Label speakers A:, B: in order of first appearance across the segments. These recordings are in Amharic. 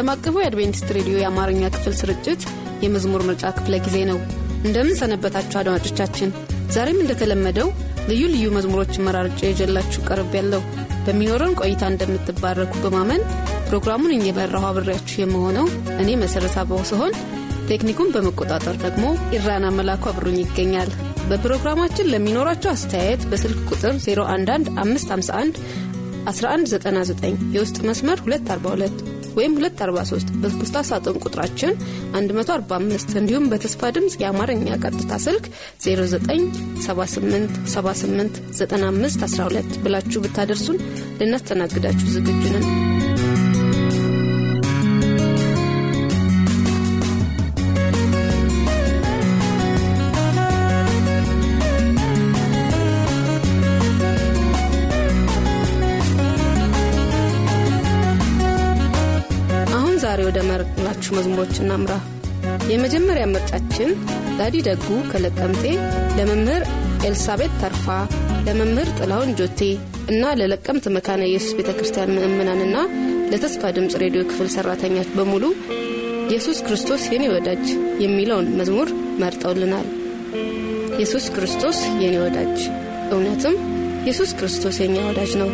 A: ዓለም አቀፉ የአድቬንቲስት ሬዲዮ የአማርኛ ክፍል ስርጭት የመዝሙር ምርጫ ክፍለ ጊዜ ነው እንደምን ሰነበታችሁ አድማጮቻችን ዛሬም እንደተለመደው ልዩ ልዩ መዝሙሮችን መራርጫ የጀላችሁ ቀርብ ያለው በሚኖረን ቆይታ እንደምትባረኩ በማመን ፕሮግራሙን እየመራሁ አብሬያችሁ የመሆነው እኔ መሠረት አበው ሲሆን ቴክኒኩን በመቆጣጠር ደግሞ ኢራና መላኩ አብሩኝ ይገኛል በፕሮግራማችን ለሚኖራቸው አስተያየት በስልክ ቁጥር 011551 1199 የውስጥ መስመር 242 ወይም 243 በፖስታ ሳጥን ቁጥራችን 145 እንዲሁም በተስፋ ድምፅ የአማርኛ ቀጥታ ስልክ 0978789512 ብላችሁ ብታደርሱን ልናስተናግዳችሁ ዝግጁ ነን። መዝሙሮች እናምራ። የመጀመሪያ ምርጫችን ዳዲ ደጉ ከለቀምቴ ለመምህር ኤልሳቤት ተርፋ፣ ለመምህር ጥላሁን ጆቴ እና ለለቀምት መካነ ኢየሱስ ቤተ ክርስቲያን ምእምናንና ለተስፋ ድምፅ ሬዲዮ ክፍል ሰራተኞች በሙሉ ኢየሱስ ክርስቶስ የኔ ወዳጅ የሚለውን መዝሙር መርጠውልናል። ኢየሱስ ክርስቶስ የኔ ወዳጅ፣ እውነትም ኢየሱስ ክርስቶስ የኛ ወዳጅ ነው።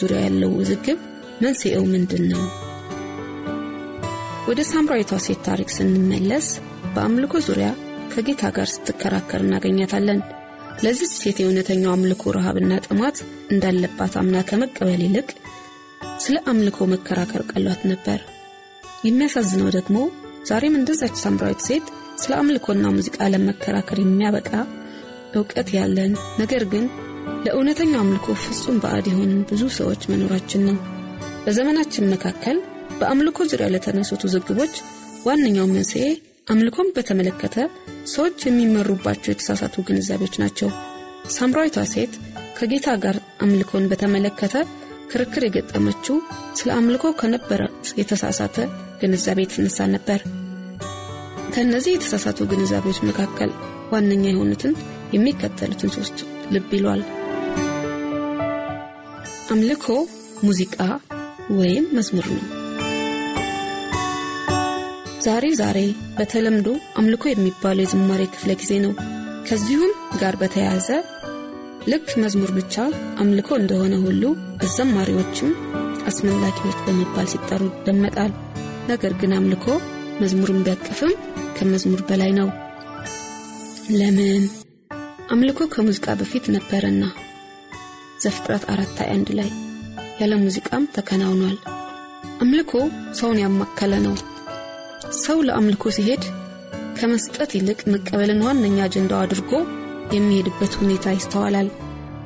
A: ዙሪያ ያለው ውዝግብ መንስኤው ምንድን ነው? ወደ ሳምራዊቷ ሴት ታሪክ ስንመለስ በአምልኮ ዙሪያ ከጌታ ጋር ስትከራከር እናገኛታለን። ለዚች ሴት የእውነተኛው አምልኮ ረሃብና ጥማት እንዳለባት አምና ከመቀበል ይልቅ ስለ አምልኮ መከራከር ቀሏት ነበር። የሚያሳዝነው ደግሞ ዛሬም እንደዛች ሳምራዊት ሴት ስለ አምልኮና ሙዚቃ ለመከራከር የሚያበቃ እውቀት ያለን ነገር ግን ለእውነተኛው አምልኮ ፍጹም በአድ የሆንን ብዙ ሰዎች መኖራችን ነው። በዘመናችን መካከል በአምልኮ ዙሪያ ለተነሱት ውዝግቦች ዋነኛው መንስኤ አምልኮን በተመለከተ ሰዎች የሚመሩባቸው የተሳሳቱ ግንዛቤዎች ናቸው። ሳምራዊቷ ሴት ከጌታ ጋር አምልኮን በተመለከተ ክርክር የገጠመችው ስለ አምልኮ ከነበረ የተሳሳተ ግንዛቤ የተነሳ ነበር። ከእነዚህ የተሳሳቱ ግንዛቤዎች መካከል ዋነኛ የሆኑትን የሚከተሉትን ሶስት ልብ ይሏል። አምልኮ ሙዚቃ ወይም መዝሙር ነው። ዛሬ ዛሬ በተለምዶ አምልኮ የሚባለው የዝማሬ ክፍለ ጊዜ ነው። ከዚሁም ጋር በተያያዘ ልክ መዝሙር ብቻ አምልኮ እንደሆነ ሁሉ አዘማሪዎችም አስመላኪዎች በመባል ሲጠሩ ይደመጣል። ነገር ግን አምልኮ መዝሙርን ቢያቅፍም ከመዝሙር በላይ ነው። ለምን? አምልኮ ከሙዚቃ በፊት ነበረና ዘፍጥረት አራት አንድ ላይ ያለ ሙዚቃም ተከናውኗል። አምልኮ ሰውን ያማከለ ነው። ሰው ለአምልኮ ሲሄድ ከመስጠት ይልቅ መቀበልን ዋነኛ አጀንዳው አድርጎ የሚሄድበት ሁኔታ ይስተዋላል።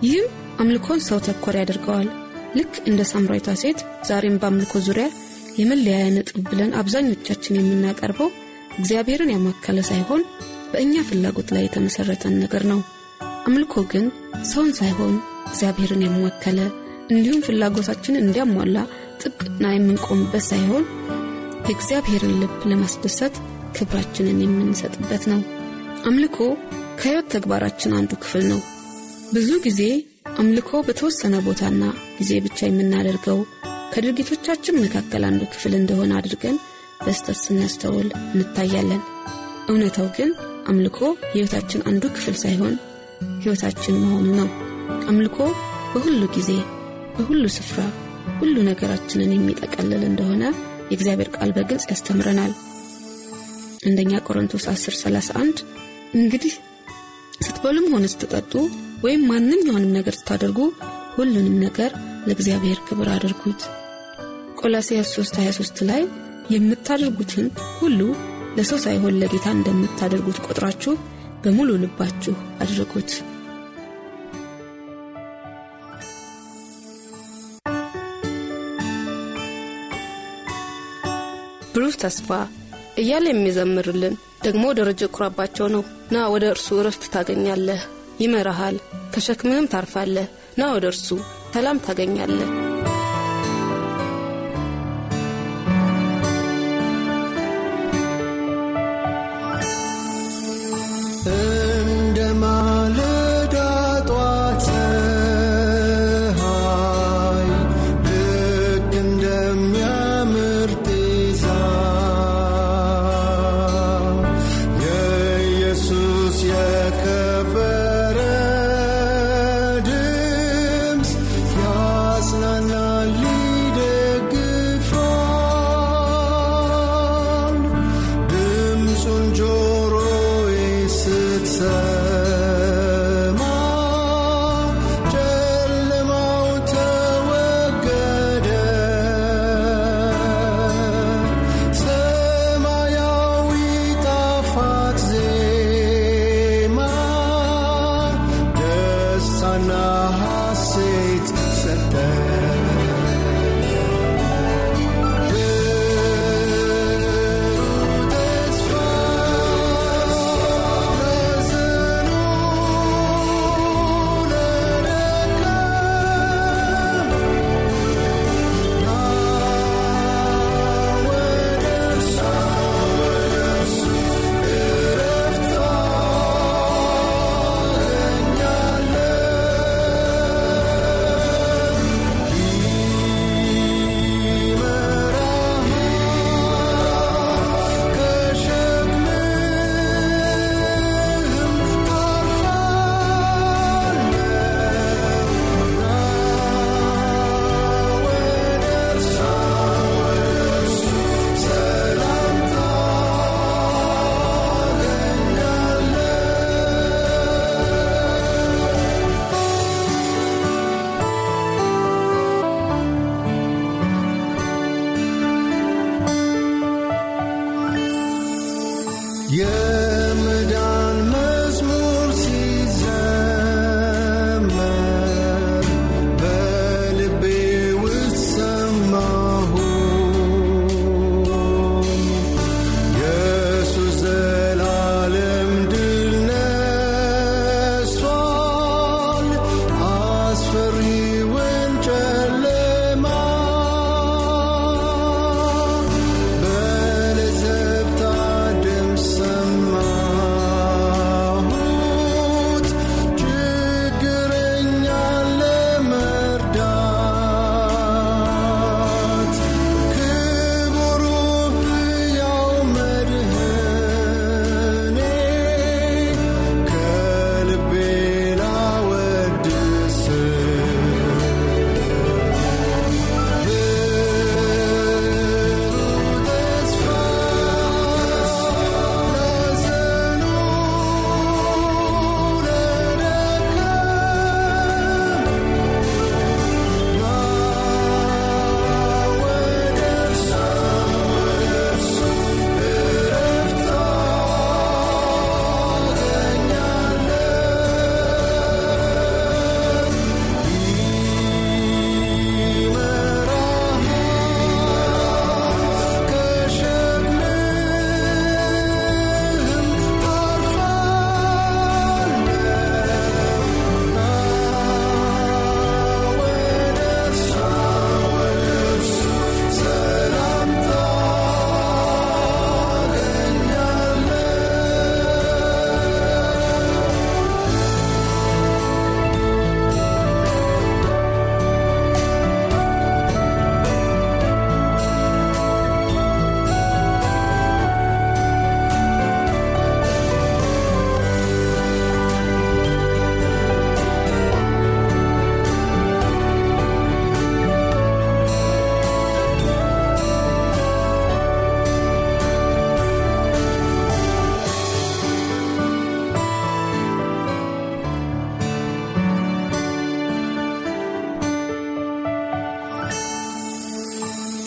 A: ይህም አምልኮን ሰው ተኮር ያደርገዋል። ልክ እንደ ሳምራዊቷ ሴት ዛሬም በአምልኮ ዙሪያ የመለያያ ነጥብ ብለን አብዛኞቻችን የምናቀርበው እግዚአብሔርን ያማከለ ሳይሆን በእኛ ፍላጎት ላይ የተመሠረተን ነገር ነው። አምልኮ ግን ሰውን ሳይሆን እግዚአብሔርን የመወከለ እንዲሁም ፍላጎታችን እንዲያሟላ ጥብቅና የምንቆምበት ሳይሆን የእግዚአብሔርን ልብ ለማስደሰት ክብራችንን የምንሰጥበት ነው። አምልኮ ከሕይወት ተግባራችን አንዱ ክፍል ነው። ብዙ ጊዜ አምልኮ በተወሰነ ቦታና ጊዜ ብቻ የምናደርገው ከድርጊቶቻችን መካከል አንዱ ክፍል እንደሆነ አድርገን በስተት ስናስተውል እንታያለን። እውነታው ግን አምልኮ ሕይወታችን አንዱ ክፍል ሳይሆን ሕይወታችን መሆኑ ነው። አምልኮ በሁሉ ጊዜ በሁሉ ስፍራ ሁሉ ነገራችንን የሚጠቀልል እንደሆነ የእግዚአብሔር ቃል በግልጽ ያስተምረናል አንደኛ ቆሮንቶስ 1031 እንግዲህ ስትበሉም ሆነ ስትጠጡ ወይም ማንኛውንም ነገር ስታደርጉ ሁሉንም ነገር ለእግዚአብሔር ክብር አድርጉት 3 323 ላይ የምታደርጉትን ሁሉ ለሰው ሳይሆን ለጌታ እንደምታደርጉት ቆጥራችሁ በሙሉ ልባችሁ አድርጉት ብሩህ ተስፋ እያለ የሚዘምርልን ደግሞ ደረጀ ኩራባቸው ነው። ና ወደ እርሱ እረፍት ታገኛለህ፣ ይመራሃል፣ ከሸክምህም ታርፋለህ። ና ወደ እርሱ ሰላም ታገኛለህ።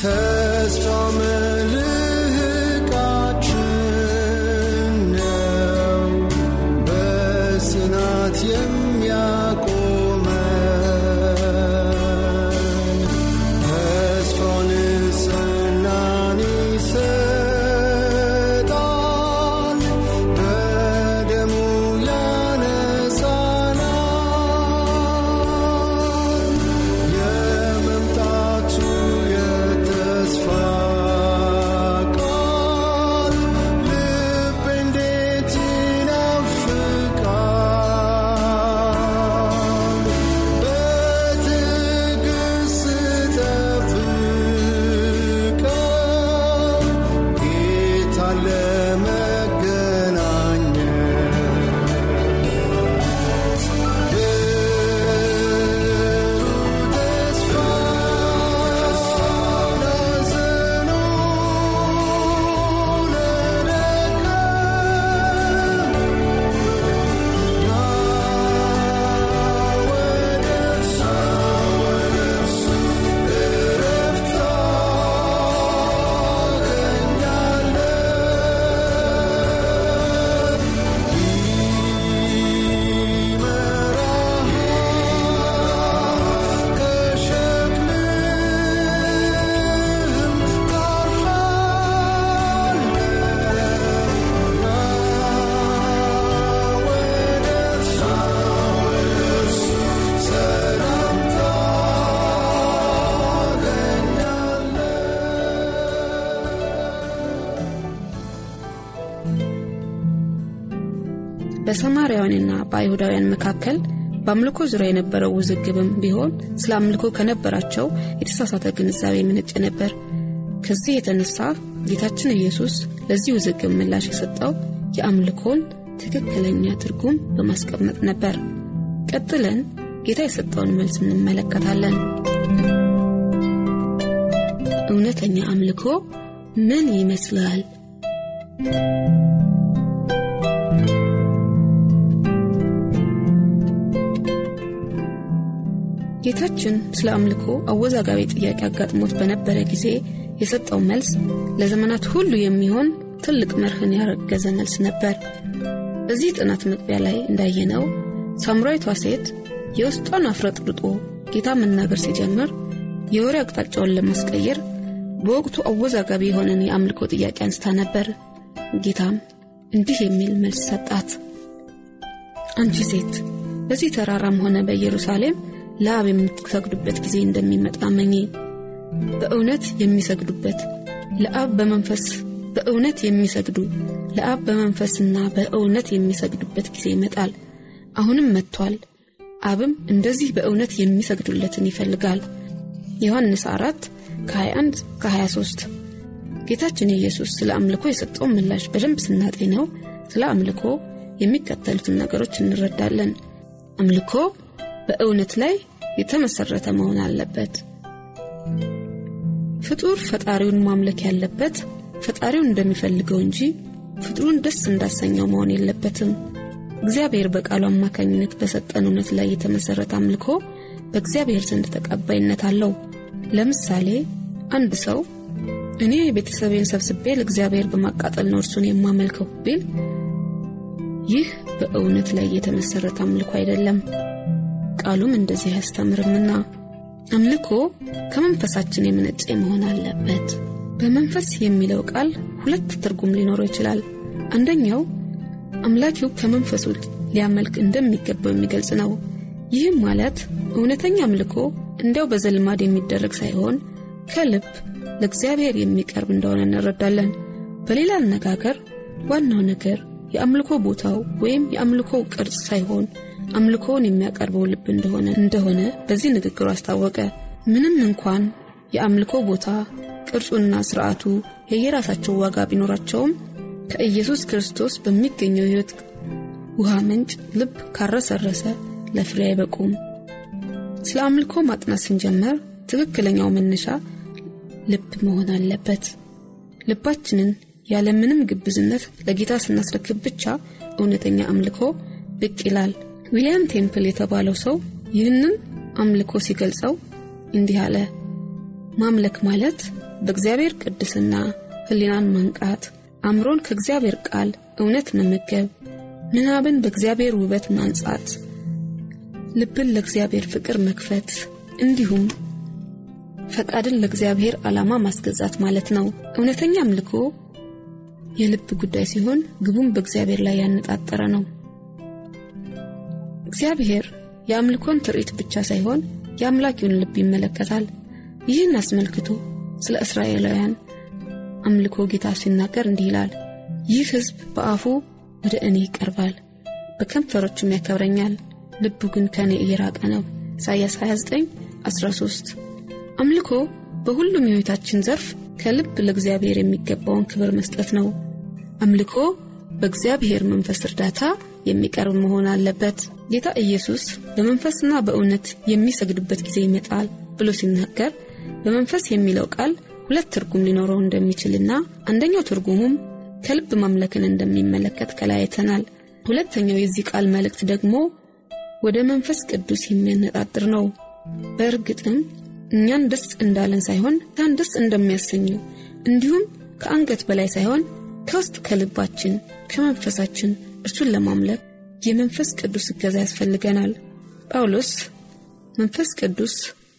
B: Test
A: በሰማርያውያንና በአይሁዳውያን መካከል በአምልኮ ዙሪያ የነበረው ውዝግብም ቢሆን ስለ አምልኮ ከነበራቸው የተሳሳተ ግንዛቤ የምንጭ ነበር። ከዚህ የተነሳ ጌታችን ኢየሱስ ለዚህ ውዝግብ ምላሽ የሰጠው የአምልኮን ትክክለኛ ትርጉም በማስቀመጥ ነበር። ቀጥለን ጌታ የሰጠውን መልስ እንመለከታለን። እውነተኛ አምልኮ ምን ይመስላል? ጌታችን ስለ አምልኮ አወዛጋቢ ጥያቄ አጋጥሞት በነበረ ጊዜ የሰጠው መልስ ለዘመናት ሁሉ የሚሆን ትልቅ መርህን ያረገዘ መልስ ነበር። በዚህ ጥናት መቅቢያ ላይ እንዳየነው ሳምራዊቷ ሴት የውስጧን አፍረጥርጦ ጌታ መናገር ሲጀምር የወሬ አቅጣጫውን ለማስቀየር በወቅቱ አወዛጋቢ የሆነን የአምልኮ ጥያቄ አንስታ ነበር። ጌታም እንዲህ የሚል መልስ ሰጣት። አንቺ ሴት በዚህ ተራራም ሆነ በኢየሩሳሌም ለአብ የምትሰግዱበት ጊዜ እንደሚመጣ መኝ በእውነት የሚሰግዱበት ለአብ በመንፈስ በእውነት የሚሰግዱ ለአብ በመንፈስና በእውነት የሚሰግዱበት ጊዜ ይመጣል፣ አሁንም መጥቷል። አብም እንደዚህ በእውነት የሚሰግዱለትን ይፈልጋል። ዮሐንስ 4 ከ21 ከ23 ጌታችን ኢየሱስ ስለ አምልኮ የሰጠውን ምላሽ በደንብ ስናጤነው ስለ አምልኮ የሚከተሉትን ነገሮች እንረዳለን። አምልኮ በእውነት ላይ የተመሰረተ መሆን አለበት። ፍጡር ፈጣሪውን ማምለክ ያለበት ፈጣሪውን እንደሚፈልገው እንጂ ፍጡሩን ደስ እንዳሰኘው መሆን የለበትም። እግዚአብሔር በቃሉ አማካኝነት በሰጠን እውነት ላይ የተመሰረተ አምልኮ በእግዚአብሔር ዘንድ ተቀባይነት አለው። ለምሳሌ አንድ ሰው እኔ ቤተሰቤን ሰብስቤ ለእግዚአብሔር በማቃጠል ነው እርሱን የማመልከው ቢል ይህ በእውነት ላይ የተመሰረተ አምልኮ አይደለም። ቃሉም እንደዚህ አያስተምርምና አምልኮ ከመንፈሳችን የመነጨ መሆን አለበት። በመንፈስ የሚለው ቃል ሁለት ትርጉም ሊኖረው ይችላል። አንደኛው አምላኪው ከመንፈሱ ሊያመልክ እንደሚገባው የሚገልጽ ነው። ይህም ማለት እውነተኛ አምልኮ እንዲያው በዘልማድ የሚደረግ ሳይሆን ከልብ ለእግዚአብሔር የሚቀርብ እንደሆነ እንረዳለን። በሌላ አነጋገር ዋናው ነገር የአምልኮ ቦታው ወይም የአምልኮው ቅርጽ ሳይሆን አምልኮውን የሚያቀርበው ልብ እንደሆነ እንደሆነ በዚህ ንግግሩ አስታወቀ። ምንም እንኳን የአምልኮ ቦታ ቅርጹና ስርዓቱ የየራሳቸው ዋጋ ቢኖራቸውም ከኢየሱስ ክርስቶስ በሚገኘው ህይወት ውሃ ምንጭ ልብ ካረሰረሰ ለፍሬ አይበቁም። ስለ አምልኮ ማጥናት ስንጀምር ትክክለኛው መነሻ ልብ መሆን አለበት። ልባችንን ያለምንም ግብዝነት ለጌታ ስናስረክብ ብቻ እውነተኛ አምልኮ ብቅ ይላል። ዊሊያም ቴምፕል የተባለው ሰው ይህንን አምልኮ ሲገልጸው እንዲህ አለ ማምለክ ማለት በእግዚአብሔር ቅድስና ህሊናን ማንቃት አእምሮን ከእግዚአብሔር ቃል እውነት መመገብ ምናብን በእግዚአብሔር ውበት ማንጻት ልብን ለእግዚአብሔር ፍቅር መክፈት እንዲሁም ፈቃድን ለእግዚአብሔር ዓላማ ማስገዛት ማለት ነው እውነተኛ አምልኮ የልብ ጉዳይ ሲሆን ግቡም በእግዚአብሔር ላይ ያነጣጠረ ነው እግዚአብሔር የአምልኮን ትርኢት ብቻ ሳይሆን የአምላኪውን ልብ ይመለከታል። ይህን አስመልክቶ ስለ እስራኤላውያን አምልኮ ጌታ ሲናገር እንዲህ ይላል፣ ይህ ሕዝብ በአፉ ወደ እኔ ይቀርባል፣ በከንፈሮቹም ያከብረኛል፣ ልቡ ግን ከእኔ እየራቀ ነው። ኢሳያስ 29 13 አምልኮ በሁሉም የሕይወታችን ዘርፍ ከልብ ለእግዚአብሔር የሚገባውን ክብር መስጠት ነው። አምልኮ በእግዚአብሔር መንፈስ እርዳታ የሚቀርብ መሆን አለበት። ጌታ ኢየሱስ በመንፈስና በእውነት የሚሰግድበት ጊዜ ይመጣል ብሎ ሲናገር በመንፈስ የሚለው ቃል ሁለት ትርጉም ሊኖረው እንደሚችልና አንደኛው ትርጉሙም ከልብ ማምለክን እንደሚመለከት ከላይ አይተናል። ሁለተኛው የዚህ ቃል መልእክት ደግሞ ወደ መንፈስ ቅዱስ የሚያነጣጥር ነው። በእርግጥም እኛን ደስ እንዳለን ሳይሆን ታን ደስ እንደሚያሰኘው እንዲሁም ከአንገት በላይ ሳይሆን ከውስጥ ከልባችን ከመንፈሳችን እርሱን ለማምለክ የመንፈስ ቅዱስ እገዛ ያስፈልገናል። ጳውሎስ መንፈስ ቅዱስ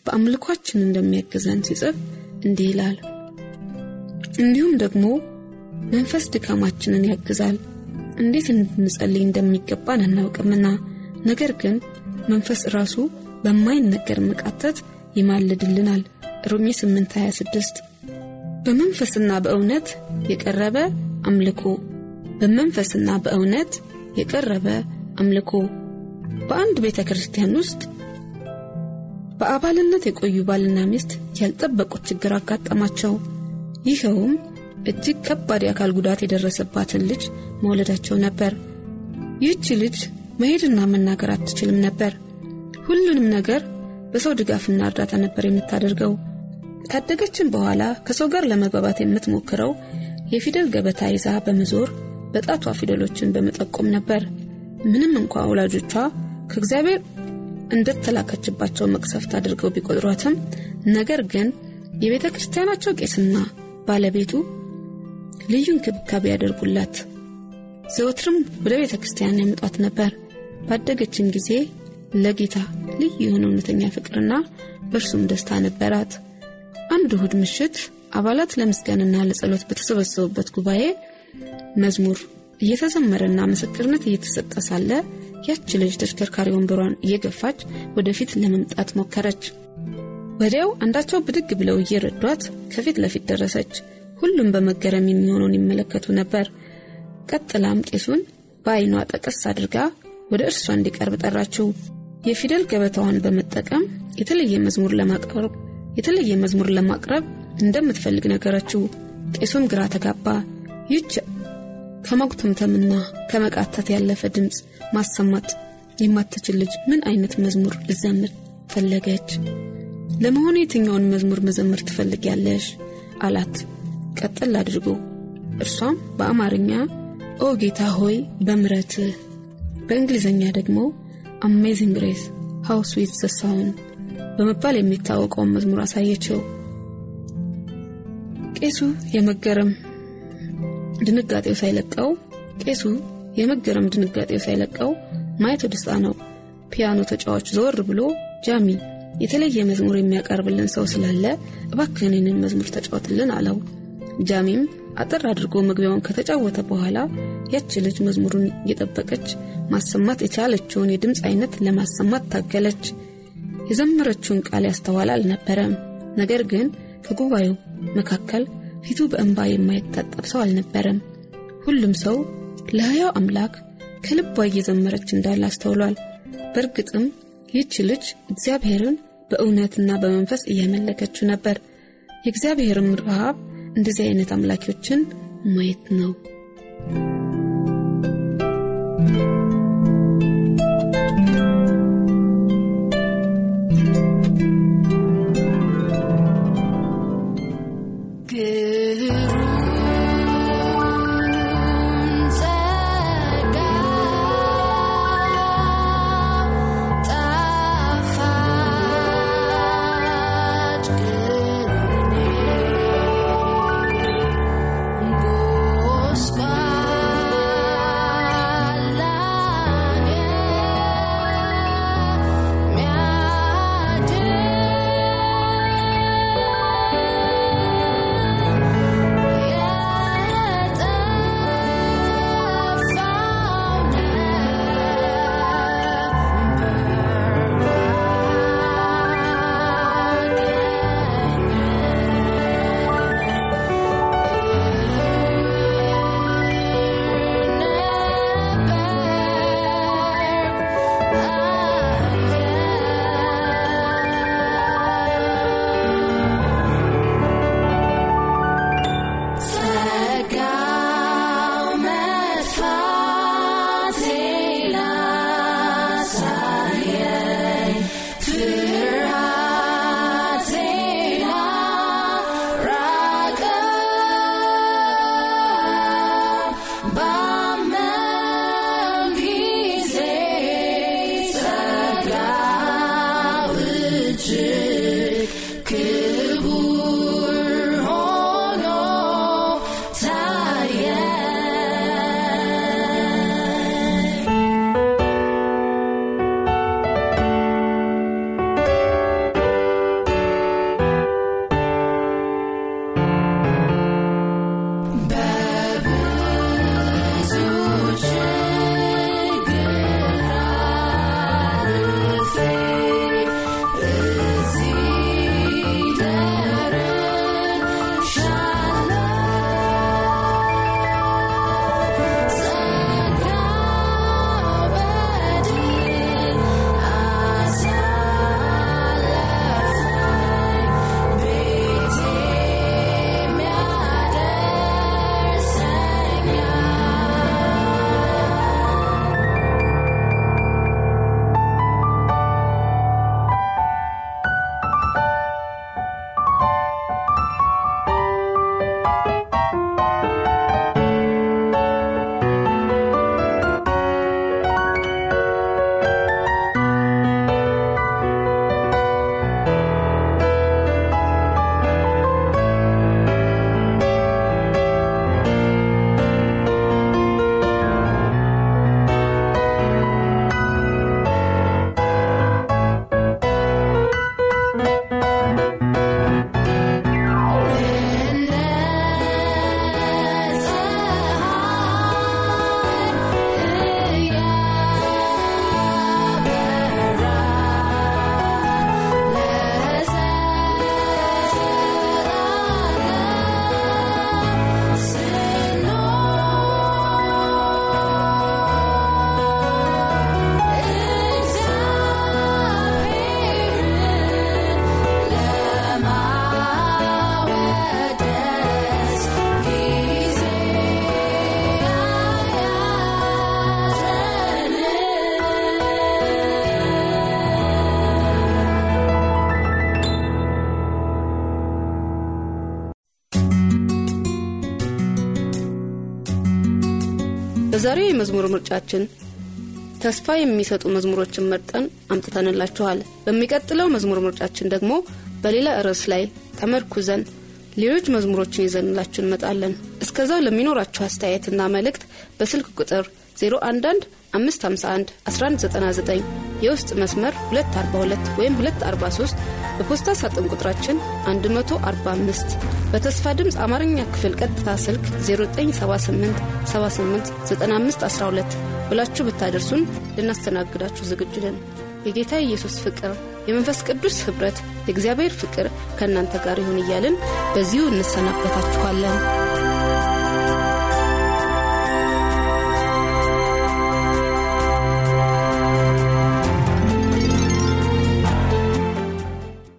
A: በአምልኳችን እንደሚያግዘን ሲጽፍ እንዲህ ይላል፣ እንዲሁም ደግሞ መንፈስ ድካማችንን ያግዛል፣ እንዴት እንድንጸልይ እንደሚገባን አናውቅምና፣ ነገር ግን መንፈስ ራሱ በማይነገር መቃተት ይማልድልናል። ሮሜ 8:26 በመንፈስና በእውነት የቀረበ አምልኮ በመንፈስና በእውነት የቀረበ አምልኮ በአንድ ቤተ ክርስቲያን ውስጥ በአባልነት የቆዩ ባልና ሚስት ያልጠበቁት ችግር አጋጠማቸው። ይኸውም እጅግ ከባድ የአካል ጉዳት የደረሰባትን ልጅ መውለዳቸው ነበር። ይህች ልጅ መሄድና መናገር አትችልም ነበር። ሁሉንም ነገር በሰው ድጋፍና እርዳታ ነበር የምታደርገው። ካደገችን በኋላ ከሰው ጋር ለመግባባት የምትሞክረው የፊደል ገበታ ይዛ በመዞር በጣቷ ፊደሎችን በመጠቆም ነበር። ምንም እንኳ ወላጆቿ ከእግዚአብሔር እንደተላከችባቸው መቅሰፍት አድርገው ቢቆጥሯትም ነገር ግን የቤተ ክርስቲያናቸው ቄስና ባለቤቱ ልዩ እንክብካቤ ያደርጉላት ዘወትርም ወደ ቤተ ክርስቲያን ያመጧት ነበር ባደገችን ጊዜ ለጌታ ልዩ የሆነ እውነተኛ ፍቅርና በእርሱም ደስታ ነበራት አንድ እሁድ ምሽት አባላት ለምስጋንና ለጸሎት በተሰበሰቡበት ጉባኤ መዝሙር እየተዘመረና ምስክርነት እየተሰጠ ሳለ ያች ልጅ ተሽከርካሪ ወንበሯን እየገፋች ወደፊት ለመምጣት ሞከረች። ወዲያው አንዳቸው ብድግ ብለው እየረዷት ከፊት ለፊት ደረሰች። ሁሉም በመገረም የሚሆነውን ይመለከቱ ነበር። ቀጥላም ቄሱን በአይኗ ጠቀስ አድርጋ ወደ እርሷ እንዲቀርብ ጠራችው። የፊደል ገበታዋን በመጠቀም የተለየ መዝሙር ለማቅረብ የተለየ መዝሙር ለማቅረብ እንደምትፈልግ ነገረችው። ቄሱም ግራ ተጋባ። ይች ከማኩተምተምና ከመቃተት ያለፈ ድምፅ ማሰማት የማትችል ልጅ ምን አይነት መዝሙር ልዘምር ፈለገች? ለመሆኑ የትኛውን መዝሙር መዘምር ያለሽ አላት ቀጥል አድርጎ። እርሷም በአማርኛ ኦ ጌታ ሆይ በምረት በእንግሊዝኛ ደግሞ አሜዚንግ ሬስ ሃው ስዊት በመባል የሚታወቀውን መዝሙር አሳየችው። ቄሱ የመገረም ድንጋጤው ሳይለቀው ቄሱ የመገረም ድንጋጤው ሳይለቀው ማየት ደስታ ነው። ፒያኖ ተጫዋች ዞር ብሎ ጃሚ የተለየ መዝሙር የሚያቀርብልን ሰው ስላለ እባክህን መዝሙር ተጫወትልን አለው። ጃሚም አጠር አድርጎ መግቢያውን ከተጫወተ በኋላ ያች ልጅ መዝሙሩን እየጠበቀች ማሰማት የቻለችውን የድምፅ አይነት ለማሰማት ታገለች። የዘመረችውን ቃል ያስተዋል አልነበረም። ነገር ግን ከጉባኤው መካከል ፊቱ በእንባ የማይታጠብ ሰው አልነበረም። ሁሉም ሰው ለሕያው አምላክ ከልቧ እየዘመረች እንዳለ አስተውሏል። በእርግጥም ይህች ልጅ እግዚአብሔርን በእውነትና በመንፈስ እያመለከችው ነበር። የእግዚአብሔርም ረሃብ እንደዚህ አይነት አምላኪዎችን ማየት ነው። በዛሬው የመዝሙር ምርጫችን ተስፋ የሚሰጡ መዝሙሮችን መርጠን አምጥተንላችኋል በሚቀጥለው መዝሙር ምርጫችን ደግሞ በሌላ ርዕስ ላይ ተመርኩዘን ሌሎች መዝሙሮችን ይዘንላችሁ እንመጣለን እስከዛው ለሚኖራችሁ አስተያየትና መልእክት በስልክ ቁጥር 0911 0115511199 የውስጥ መስመር 242 ወይም 243 በፖስታ ሳጥን ቁጥራችን 145 በተስፋ ድምፅ አማርኛ ክፍል ቀጥታ ስልክ 0978789512 ብላችሁ ብታደርሱን ልናስተናግዳችሁ ዝግጁ ነን። የጌታ ኢየሱስ ፍቅር፣ የመንፈስ ቅዱስ ኅብረት፣ የእግዚአብሔር ፍቅር ከእናንተ ጋር ይሁን እያልን በዚሁ እንሰናበታችኋለን።